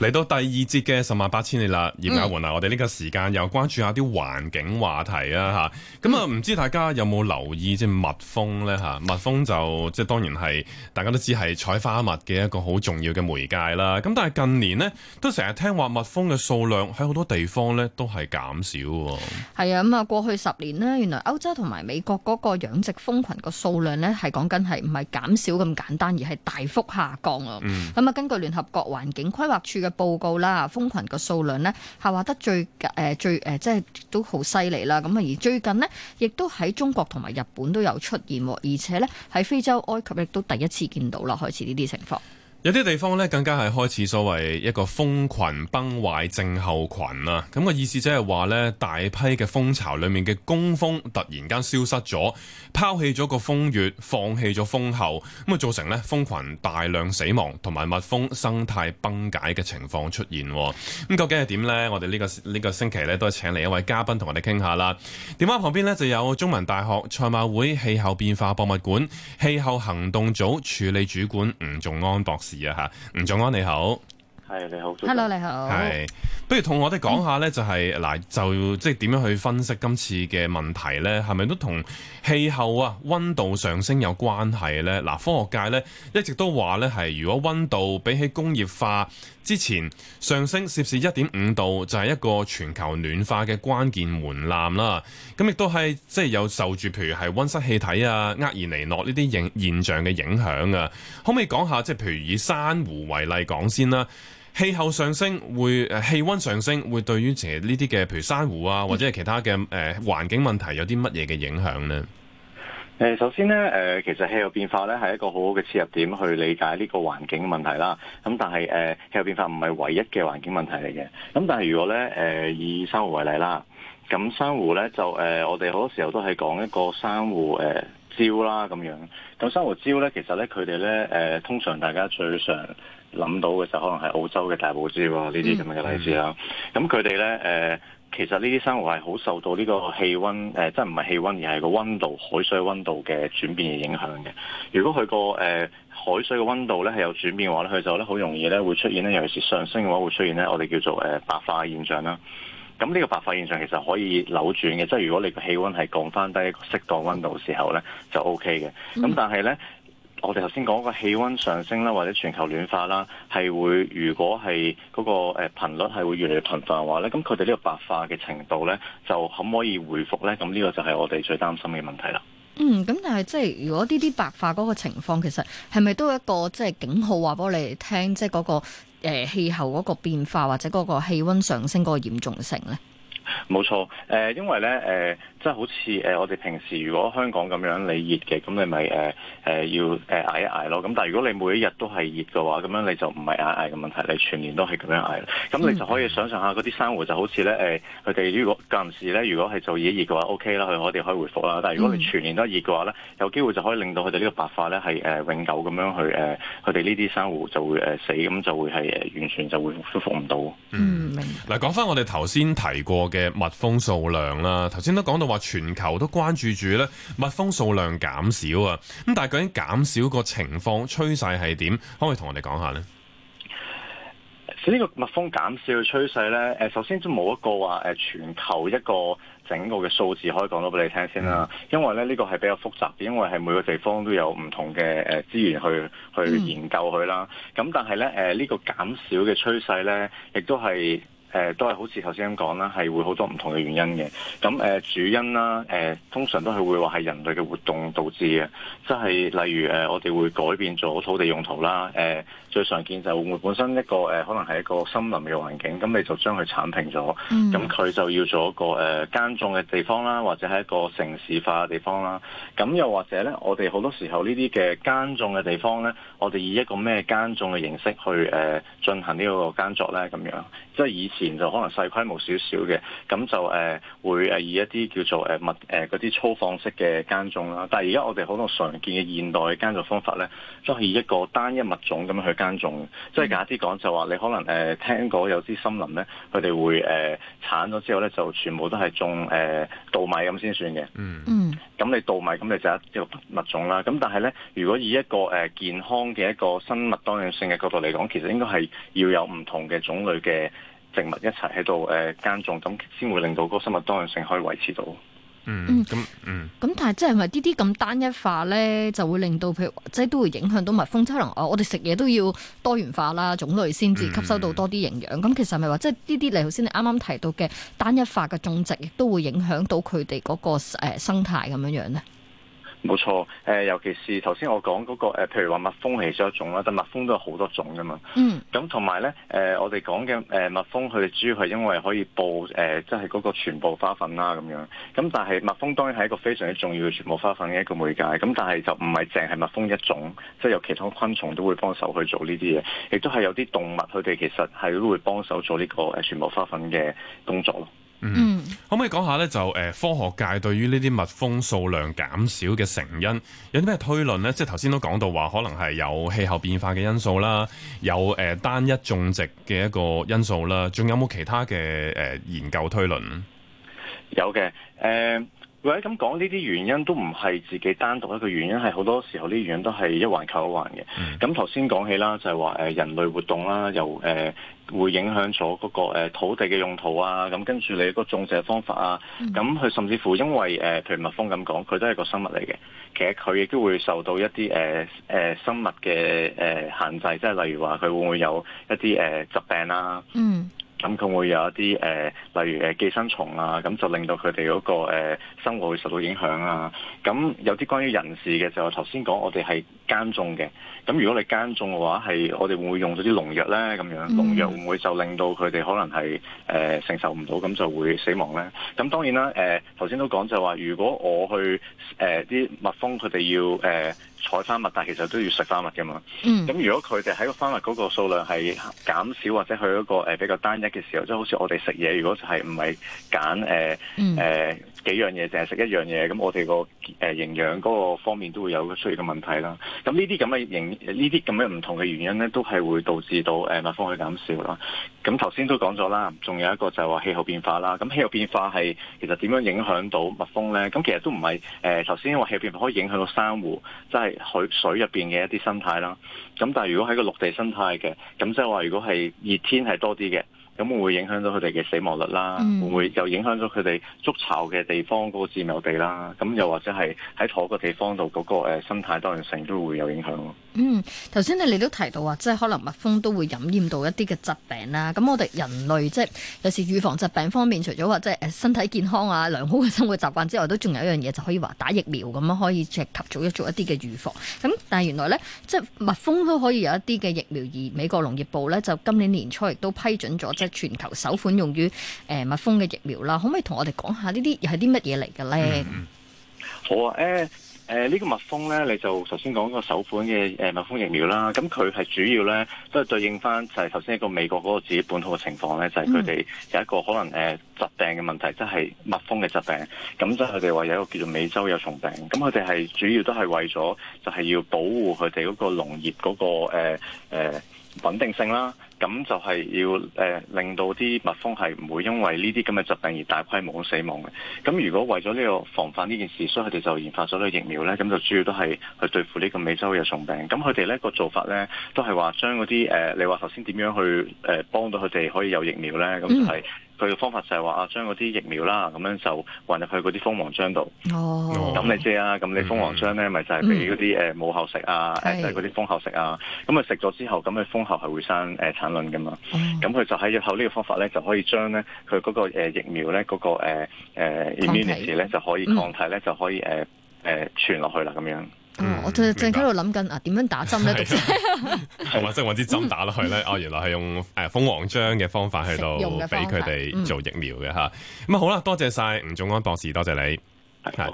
嚟到第二節嘅十萬八千里啦，葉家雲呀，嗯、我哋呢個時間又關注一下啲環境話題啊咁啊，唔、嗯嗯、知大家有冇留意即係蜜蜂咧嚇？蜜蜂就即係當然係大家都知係採花蜜嘅一個好重要嘅媒介啦。咁但係近年呢，都成日聽話蜜蜂嘅數量喺好多地方咧都係減少。係啊，咁啊過去十年呢，原來歐洲同埋美國嗰個養殖蜂群個數量咧係講緊係唔係減少咁簡單，而係大幅下降啊。咁啊，根據聯合國環境規劃處嘅報告啦，蜂群個數量呢係話得最、呃、最、呃、即係都好犀利啦。咁啊，而最近呢，亦都喺中國同埋日本都有出現，而且呢，喺非洲埃及亦都第一次見到啦，開始呢啲情況。有啲地方咧，更加係開始所謂一個蜂群崩壞症候群啦。咁個意思即係話咧，大批嘅蜂巢裏面嘅工蜂突然間消失咗，拋棄咗個蜂穴，放棄咗蜂后，咁啊造成呢蜂群大量死亡，同埋蜜蜂生態崩解嘅情況出現。咁究竟係點呢？我哋呢個呢個星期咧都係請嚟一位嘉賓同我哋傾下啦。電話旁邊呢就有中文大學賽馬會氣候變化博物館氣候行動組署理主管吳頌安博士。是啊，哈，吳頌安你好。係你好，hello，你好。係，不如同我哋講下呢就係、是、嗱、嗯，就即係點樣去分析今次嘅問題呢？係咪都同氣候啊、溫度上升有關係呢？嗱，科學界呢一直都話呢係如果溫度比起工業化之前上升攝氏一點五度，就係、是、一個全球暖化嘅關鍵門檻啦。咁亦都係即係有受住譬如係溫室氣體啊、厄爾尼諾呢啲影現象嘅影響啊。可唔可以講下即係譬如以珊瑚為例講先啦？氣候上升會，誒，氣溫上升會對於其實呢啲嘅，譬如珊瑚啊，或者係其他嘅，誒，環境問題有啲乜嘢嘅影響呢？誒、呃，首先咧，誒、呃，其實氣候變化咧係一個好好嘅切入點去理解呢個環境問題啦。咁但係誒氣候變化唔係唯一嘅環境問題嚟嘅。咁但係如果咧誒、呃、以珊瑚為例啦，咁珊瑚咧就誒、呃、我哋好多時候都係講一個珊瑚誒、呃、礁啦咁樣。咁珊瑚礁咧，其實咧，佢哋咧誒通常大家最常諗到嘅就可能係澳洲嘅大堡礁呢啲咁嘅例子啦。咁佢哋咧，誒，其實呢啲生物係好受到呢個氣温，誒，即係唔係氣温而係個温度、海水温度嘅轉變而影響嘅。如果佢個誒海水嘅温度咧係有轉變嘅話咧，佢就咧好容易咧會出現咧，尤其是上升嘅話會出現咧，我哋叫做誒白化現象啦。咁呢個白化現象其實可以扭轉嘅，即係如果你氣溫個氣温係降翻低一個適當温度時候咧，就 O K 嘅。咁但係咧。Mm hmm. 我哋頭先講個氣温上升啦，或者全球暖化啦，係會如果係嗰個誒頻率係會越嚟越頻繁嘅話咧，咁佢哋呢個白化嘅程度咧，就可唔可以回復咧？咁呢個就係我哋最擔心嘅問題啦。嗯，咁但係即係如果呢啲白化嗰個情況，其實係咪都有一個即係警號話俾我哋聽，即係嗰、那個誒氣、呃、候嗰個變化或者嗰個氣温上升嗰個嚴重性咧？冇錯，誒，因為咧，誒、呃，即係好似誒，我哋平時如果香港咁樣你熱嘅，咁你咪誒誒要誒捱一捱咯。咁但係如果你每一日都係熱嘅話，咁樣你就唔係捱捱嘅問題，你全年都係咁樣捱。咁你就可以想象下嗰啲珊瑚就好似咧，誒、呃，佢哋如果近時咧，如果係做熱熱嘅話，O K 啦，佢我哋可以回復啦。但係如果你全年都熱嘅話咧，有機會就可以令到佢哋呢個白化咧係誒永久咁樣去誒，佢哋呢啲珊瑚就會誒、呃、死，咁就會係誒完全就會恢復唔到。嗯，明。嗱，講翻我哋頭先提過嘅。嘅蜜蜂數量啦，啊，頭先都講到話全球都關注住咧，蜜蜂數量減少啊，咁但係究竟減少個情況趨勢係點？可唔可以同我哋講下呢？呢個蜜蜂減少嘅趨勢呢，誒，首先都冇一個話誒，全球一個整個嘅數字可以講到俾你聽先啦，嗯、因為咧呢個係比較複雜，因為係每個地方都有唔同嘅誒資源去、嗯、去研究佢啦，咁但係咧誒呢個減少嘅趨勢呢，亦都係。誒都係好似頭先咁講啦，係會好多唔同嘅原因嘅。咁誒主因啦，誒通常都係會話係人類嘅活動導致嘅，即係例如誒我哋會改變咗土地用途啦。誒最常見就會會本身一個誒可能係一個森林嘅環境，咁你就將佢剷平咗，咁佢、mm. 就要做一個誒耕種嘅地方啦，或者係一個城市化嘅地方啦。咁又或者咧，我哋好多時候呢啲嘅耕種嘅地方咧，我哋以一個咩耕種嘅形式去誒進行個呢個耕作咧，咁樣即係以。就可能細規模少少嘅，咁就誒、呃、會誒以一啲叫做誒物誒嗰啲粗放式嘅耕種啦。但係而家我哋好多常見嘅現代耕種方法咧，都、就、係、是、以一個單一物種咁樣去耕種。即係、mm. 假設講就話你可能誒、呃、聽過有啲森林咧，佢哋會誒鏟咗之後咧，就全部都係種誒、呃、稻米咁先算嘅。嗯嗯，咁你稻米咁你就一一個物種啦。咁但係咧，如果以一個誒、呃、健康嘅一個生物多樣性嘅角度嚟講，其實應該係要有唔同嘅種類嘅。植物一齊喺度誒耕種，咁先會令到嗰個生物多樣性可以維持到。嗯，咁，嗯，咁但係即係咪呢啲咁單一化咧，就會令到譬如即係都會影響到蜜蜂，即係可能我我哋食嘢都要多元化啦，種類先至吸收到多啲營養。咁、嗯嗯、其實係咪話即係呢啲你頭先你啱啱提到嘅單一化嘅種植，亦都會影響到佢哋嗰個生態咁樣樣咧？冇錯，誒、呃，尤其是頭先我講嗰、那個，誒、呃，譬如話蜜蜂係其中一種啦，但蜜蜂都有好多種噶嘛。嗯。咁同埋咧，誒、呃，我哋講嘅，誒，蜜蜂佢哋主要係因為可以報，誒、呃，即係嗰個全部花粉啦、啊，咁樣。咁但係蜜蜂當然係一個非常之重要嘅全部花粉嘅一個媒介，咁但係就唔係淨係蜜蜂一種，即、就、係、是、有其他昆蟲都會幫手去做呢啲嘢，亦都係有啲動物佢哋其實係都會幫手做呢個誒全部花粉嘅工作咯。嗯，可唔可以講下呢？就誒、呃，科學界對於呢啲蜜蜂數量減少嘅成因，有啲咩推論呢？即係頭先都講到話，可能係有氣候變化嘅因素啦，有誒、呃、單一種植嘅一個因素啦，仲有冇其他嘅誒、呃、研究推論？有嘅，誒、呃。或者咁講呢啲原因都唔係自己單獨一個原因，係好多時候呢啲原因都係一環扣一環嘅。咁頭先講起啦，就係、是、話人類活動啦，又誒會影響咗嗰個土地嘅用途啊，咁跟住你個種植方法啊，咁佢、嗯、甚至乎因為誒，譬如蜜蜂咁講，佢都係個生物嚟嘅，其實佢亦都會受到一啲誒生物嘅誒限制，即係例如話佢會唔會有一啲誒疾病啦。嗯咁佢會有一啲誒、呃，例如誒寄生蟲啊，咁就令到佢哋嗰個、呃、生活會受到影響啊。咁有啲關於人士嘅就頭先講，我哋係耕種嘅。咁如果你耕種嘅話，係我哋會唔會用咗啲農藥咧，咁樣農藥會唔會就令到佢哋可能係誒、呃、承受唔到，咁就會死亡咧？咁當然啦，誒頭先都講就話，如果我去誒啲、呃、蜜蜂，佢哋要誒。採花蜜，但係其實都要食花蜜㗎嘛。咁、嗯、如果佢哋喺個花蜜嗰個數量係減少或者去一個誒比較單一嘅時候，即係好似我哋食嘢，如果就係唔係揀誒誒幾樣嘢，淨係食一樣嘢，咁我哋個誒營養嗰個方面都會有出現嘅問題啦。咁呢啲咁嘅營呢啲咁嘅唔同嘅原因咧，都係會導致到誒蜜蜂去減少啦。咁頭先都講咗啦，仲有一個就係話氣候變化啦。咁氣候變化係其實點樣影響到蜜蜂咧？咁其實都唔係誒頭先因為氣候變化可以影響到珊瑚，即係，海水入邊嘅一啲生態啦，咁但係如果喺個陸地生態嘅，咁即係話如果係熱天係多啲嘅，咁會唔會影響到佢哋嘅死亡率啦？嗯、會唔會又影響咗佢哋築巢嘅地方嗰個佔有地啦？咁又或者係喺坐個地方度嗰個誒生態多樣性都會有影響咯？嗯，頭先你你都提到話，即係可能蜜蜂都會染染到一啲嘅疾病啦。咁我哋人類即係有時預防疾病方面，除咗話即係誒身體健康啊、良好嘅生活習慣之外，都仲有一樣嘢就可以話打疫苗咁樣可以即係及早一做一啲嘅預防。咁但係原來咧，即係蜜蜂都可以有一啲嘅疫苗。而美國農業部咧就今年年初亦都批准咗即係全球首款用於誒蜜蜂嘅疫苗啦。可唔可以同我哋講下呢啲又係啲乜嘢嚟嘅咧？嗯、好啊，誒、uh。誒呢個蜜蜂咧，你就頭先講個首款嘅誒蜜蜂疫苗啦。咁佢係主要咧都係對應翻就係頭先一個美國嗰個自己本土嘅情況咧，就係佢哋有一個可能誒疾病嘅問題，即係蜜蜂嘅疾病。咁即係佢哋話有一個叫做美洲幼蟲病。咁佢哋係主要都係為咗就係要保護佢哋嗰個農業嗰個誒誒穩定性啦。咁就係要誒、呃、令到啲蜜蜂係唔會因為呢啲咁嘅疾病而大規模死亡嘅。咁如果為咗呢個防範呢件事，所以佢哋就研發咗呢個疫苗咧，咁就主要都係去對付呢個美洲嘅蟲病。咁佢哋咧個做法咧都係話將嗰啲誒，你話頭先點樣去誒、呃、幫到佢哋可以有疫苗咧？咁就係、是。佢嘅方法就係話啊，將嗰啲疫苗啦，咁樣就混入去嗰啲蜂王漿度。哦，咁你知啊，咁你蜂王漿咧，咪、mm hmm. 就係俾嗰啲呃母后食啊，mm hmm. 啊就即係嗰啲蜂後食啊。咁啊食咗之後，咁佢蜂後係會生、呃、產卵噶嘛。咁佢、mm hmm. 就喺後呢個方法咧，就可以將咧佢嗰個、呃、疫苗咧嗰、嗰個誒 immunity 咧就可以抗體咧、mm hmm. 就可以誒、呃呃、傳落去啦咁樣。嗯、我正正喺度諗緊啊，點樣打針咧？讀者係咪先搵支針打落去咧？哦， 原來係用誒蜂、哎、王漿嘅方法去到俾佢哋做疫苗嘅吓。咁、嗯、啊好啦，多謝晒吳頌安博士，多謝你。的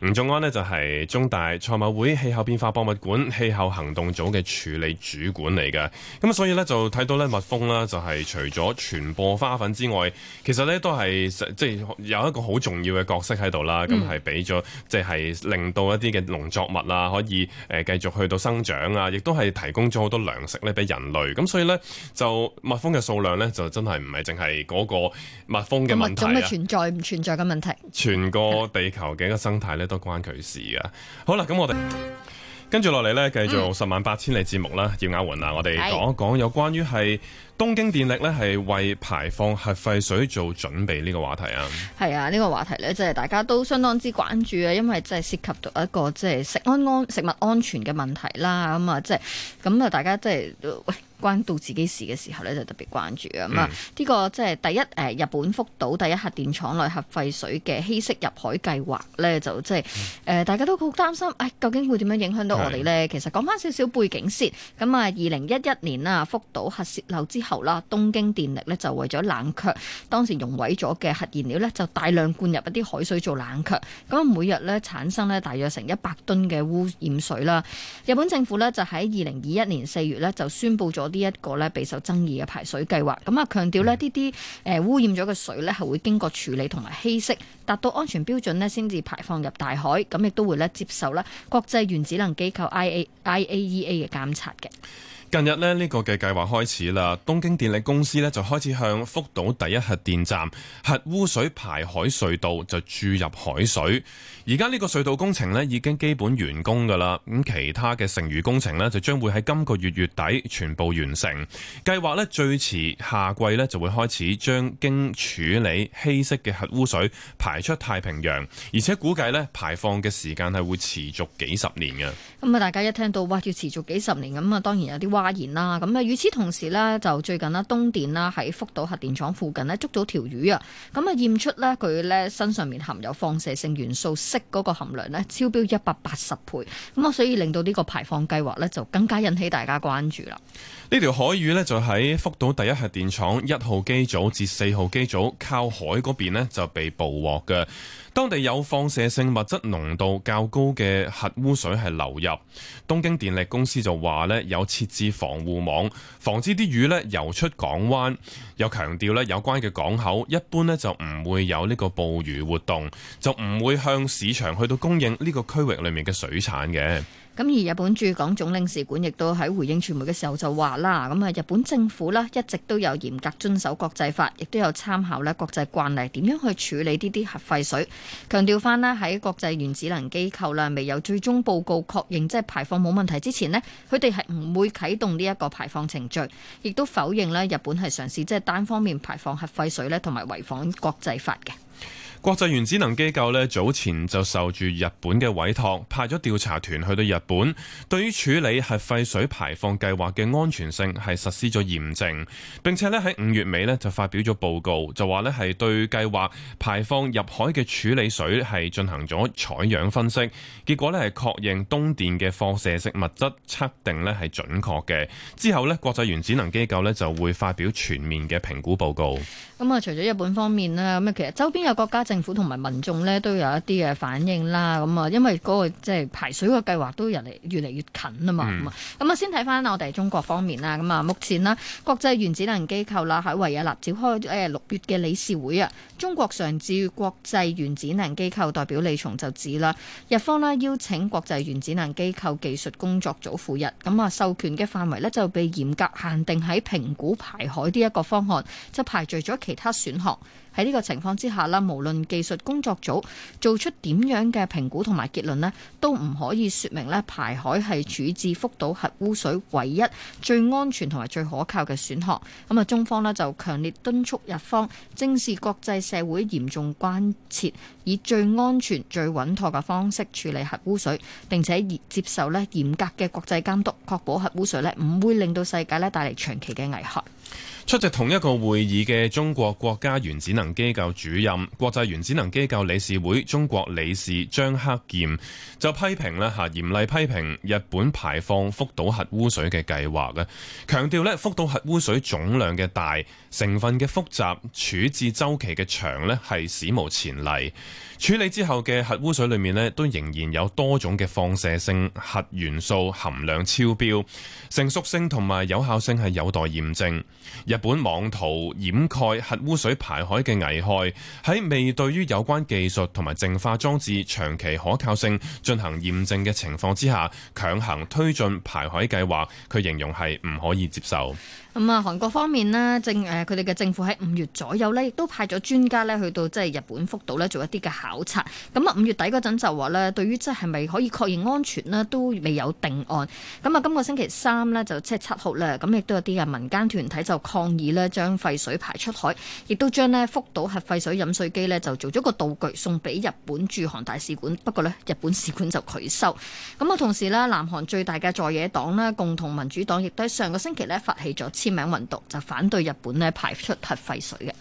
吳仲安呢就係中大賽馬會氣候變化博物館氣候行動組嘅署理主管嚟嘅，咁所以呢，就睇到呢蜜蜂啦，就係除咗傳播花粉之外，其實呢都係即係有一個好重要嘅角色喺度啦。咁係俾咗即係令到一啲嘅農作物啊，可以誒繼續去到生長啊，亦都係提供咗好多糧食呢俾人類。咁所以呢，就蜜蜂嘅數量呢，就真係唔係淨係嗰個蜜蜂嘅物種問題啦。存在唔存在嘅問題？問題全個地球嘅一個生態呢。都關佢事噶。好啦，咁我哋跟住落嚟呢，繼續十萬八千里節目啦。葉雅云啊，我哋講一講有關於係東京電力呢係為排放核廢水做準備呢個話題啊。係啊，呢、這個話題呢，即、就、係、是、大家都相當之關注啊，因為即係涉及到一個即係、就是、食安安食物安全嘅問題啦。咁、嗯、啊，即係咁啊，大家即係。喂關到自己事嘅時候咧，就特別關注啊！咁啊、嗯，呢個即係第一誒日本福島第一核電廠內核廢水嘅稀釋入海計劃咧，就即係誒大家都好擔心，誒、哎、究竟會點樣影響到我哋呢。是其實講返少少背景先，咁啊，二零一一年啦，福島核泄漏之後啦，東京電力咧就為咗冷卻當時溶毀咗嘅核燃料咧，就大量灌入一啲海水做冷卻，咁啊每日咧產生咧大約成一百噸嘅污染水啦。日本政府咧就喺二零二一年四月咧就宣布咗。呢一個咧備受爭議嘅排水計劃，咁啊強調咧呢啲誒污染咗嘅水咧係會經過處理同埋稀釋，達到安全標準呢，先至排放入大海，咁亦都會咧接受啦國際原子能機構 IAIAEA 嘅監察嘅。近日呢呢個嘅計劃開始啦。東京電力公司咧就開始向福島第一核電站核污水排海隧道就注入海水。而家呢個隧道工程咧已經基本完工噶啦。咁其他嘅剩餘工程咧就將會喺今個月月底全部完成。計劃咧最遲夏季咧就會開始將經處理稀釋嘅核污水排出太平洋，而且估計咧排放嘅時間係會持續幾十年嘅。咁啊，大家一聽到哇，要持續幾十年咁啊，當然有啲。發言啦，咁啊，與此同時呢，就最近啦，東電啦喺福島核電廠附近呢捉到條魚啊，咁啊驗出呢佢呢身上面含有放射性元素銫，嗰個含量呢超標一百八十倍，咁啊，所以令到呢個排放計劃呢就更加引起大家關注啦。呢條海魚呢就喺福島第一核電廠一號機組至四號機組靠海嗰邊呢就被捕獲嘅。當地有放射性物質濃度較高嘅核污水係流入，東京電力公司就話有設置防護網，防止啲魚咧遊出港灣。又強調有關嘅港口一般就唔會有呢個捕魚活動，就唔會向市場去到供應呢個區域裏面嘅水產嘅。咁而日本駐港總領事館亦都喺回應傳媒嘅時候就話啦，咁啊日本政府呢一直都有嚴格遵守國際法，亦都有參考呢國際慣例點樣去處理呢啲核廢水，強調翻呢，喺國際原子能機構啦未有最終報告確認即係排放冇問題之前呢，佢哋係唔會啟動呢一個排放程序，亦都否認呢，日本係嘗試即係單方面排放核廢水咧，同埋違反國際法嘅。國際原子能機構咧早前就受住日本嘅委託，派咗調查團去到日本，對於處理核廢水排放計劃嘅安全性係實施咗驗證。並且咧喺五月尾咧就發表咗報告，就話咧係對計劃排放入海嘅處理水係進行咗採樣分析，結果咧係確認東電嘅放射性物質測定咧係準確嘅。之後咧國際原子能機構咧就會發表全面嘅評估報告。咁啊，除咗日本方面啦，咁啊其實周邊有國家。政府同埋民眾呢，都有一啲嘅反應啦，咁啊，因為嗰個即係排水個計劃都越嚟越嚟越近啦嘛，咁啊、嗯，先睇翻我哋中國方面啦，咁啊，目前啦，國際原子能機構啦喺維也納召開誒六月嘅理事會啊，中國常駐國際原子能機構代表李松就指啦，日方啦邀請國際原子能機構技術工作組赴日，咁啊授權嘅範圍呢，就被嚴格限定喺評估排海呢一個方案，就排除咗其他選項。喺呢個情況之下啦，無論技術工作組做出點樣嘅評估同埋結論呢，都唔可以說明排海係處置福島核污水唯一最安全同埋最可靠嘅選項。咁啊，中方咧就強烈敦促日方正視國際社會嚴重關切，以最安全、最穩妥嘅方式處理核污水，並且接受咧嚴格嘅國際監督，確保核污水咧唔會令到世界咧帶嚟長期嘅危害。出席同一個會議嘅中國國家原子能機構主任、國際原子能機構理事會中國理事張克儉就批評咧吓，嚴厲批評日本排放福島核污水嘅計劃咧，強調咧福島核污水總量嘅大、成分嘅複雜、處置周期嘅長咧係史無前例。處理之後嘅核污水裏面咧都仍然有多種嘅放射性核元素含量超標，成熟性同埋有效性係有待驗證。日本妄圖掩蓋核污水排海嘅危害，喺未對於有關技術同埋淨化裝置長期可靠性進行驗證嘅情況之下，強行推進排海計劃，佢形容係唔可以接受。咁啊，嗯、韓國方面咧政誒佢哋嘅政府喺五月左右咧，亦都派咗專家咧去到即係日本福島咧做一啲嘅考察。咁、嗯、啊，五月底嗰陣就話咧，對於即係係咪可以確認安全咧，都未有定案。咁、嗯、啊、嗯，今個星期三咧就即係七號啦，咁亦都有啲嘅民間團體就抗議咧，將廢水排出海，亦都將咧福島核廢水飲水機咧就做咗個道具送俾日本駐韓大使館，不過咧日本使館就拒收。咁、嗯、啊，同時咧，南韓最大嘅在野黨咧，共同民主黨亦都喺上個星期咧發起咗。簽名運動就反對日本咧排出核廢水嘅。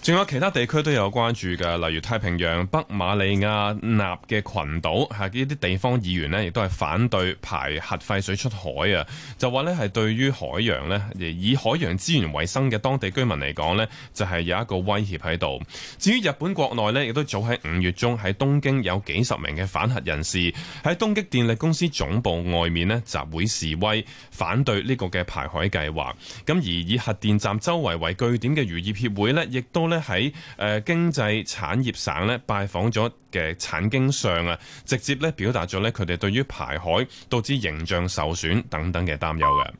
仲有其他地區都有關注嘅，例如太平洋北馬里亞納嘅群島，嚇呢啲地方議員呢，亦都係反對排核廢水出海啊！就話呢，係對於海洋呢，以海洋資源為生嘅當地居民嚟講呢，就係有一個威脅喺度。至於日本國內呢，亦都早喺五月中喺東京有幾十名嘅反核人士喺東京電力公司總部外面呢，集會示威，反對呢個嘅排海計劃。咁而以核電站周圍為據點嘅漁業協會呢，亦都呢。喺誒、呃、經濟產業省咧，拜訪咗嘅產經相啊，直接咧表達咗咧佢哋對於排海導致形象受損等等嘅擔憂嘅。